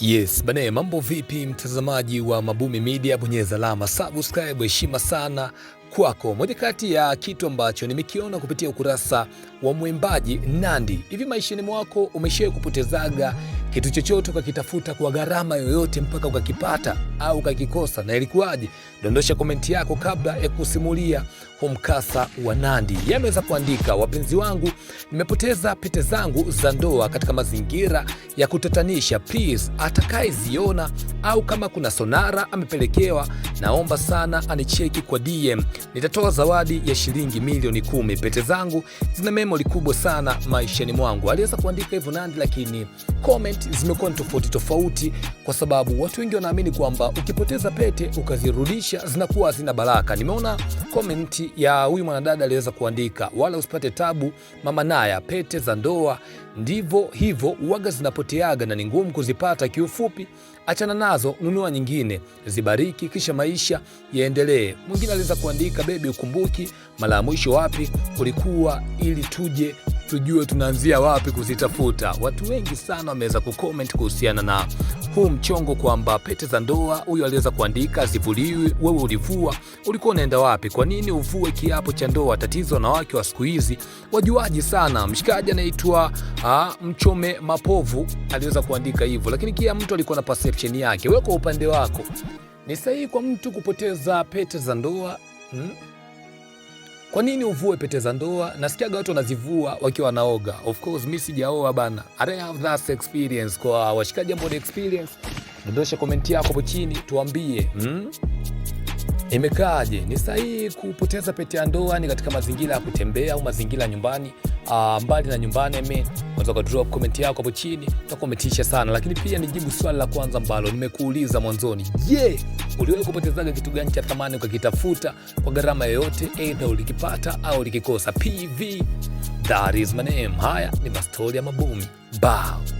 Yes, bane mambo vipi mtazamaji wa Mabumi Media, bonyeza alama subscribe, heshima sana kwako. Moja kati ya kitu ambacho nimekiona kupitia ukurasa wa mwimbaji Nandy. Hivi maishani mwako umeshawahi kupotezaga kitu chochote ukakitafuta kwa gharama yoyote mpaka ukakipata au ukakikosa, na ilikuwaje? Dondosha komenti yako kabla ya kusimulia huu mkasa wa Yeye Yameweza kuandika, wapenzi wangu, nimepoteza pete zangu za ndoa katika mazingira ya kutatanisha. Please, atakayeziona au kama kuna sonara amepelekewa, naomba sana anicheki kwa DM, nitatoa zawadi ya shilingi milioni kumi. Pete zangu zina memori kubwa sana maishani mwangu. Aliweza kuandika hivyo Nandi, lakini comment tofauti, zimekuwa ni tofauti tofauti, kwa sababu watu wengi wanaamini kwamba ukipoteza pete ukazirudisha zinakuwa hazina baraka. Nimeona komenti ya huyu mwanadada aliweza kuandika, wala usipate tabu mama Naya, pete za ndoa ndivyo hivyo waga zinapoteaga na ni ngumu kuzipata. Kiufupi, achana nazo, nunua nyingine, zibariki, kisha maisha yaendelee. Mwingine aliweza kuandika, bebi, ukumbuki mara ya mwisho wapi kulikuwa ili tuje tujue tunaanzia wapi kuzitafuta. Watu wengi sana wameweza kucomment kuhusiana na huu mchongo kwamba pete za ndoa huyo aliweza kuandika zivuliwi, wewe ulivua, ulikuwa unaenda wapi? Kwa nini uvue kiapo cha ndoa? Tatizo wanawake wa siku hizi wajuaji sana. Mshikaji anaitwa Mchome Mapovu aliweza kuandika hivyo, lakini kila mtu alikuwa na perception yake. Wewe kwa upande wako, ni sahihi kwa mtu kupoteza pete za ndoa hmm? Kwa nini uvue pete za ndoa? Nasikiaga watu wanazivua wakiwa wanaoga. Of course mimi sijaoa bana. I have that experience. Kwa washikaji ambao ni experience, dondosha komenti yako hapo chini tuambie, hmm? Imekaaje? Ni sahihi kupoteza pete ya ndoa ni katika mazingira ya kutembea au mazingira ya nyumbani? Uh, mbali na nyumbani eme, unaweza ka drop comment yako hapo chini, utakometisha sana. Lakini pia nijibu swali la kwanza ambalo nimekuuliza mwanzoni. Je, yeah. Uliwahi kupotezaga kitu gani cha thamani ukakitafuta kwa gharama yoyote, aidha ulikipata au ulikikosa? PV, that is my name. Haya ni mastori ya mabumi bao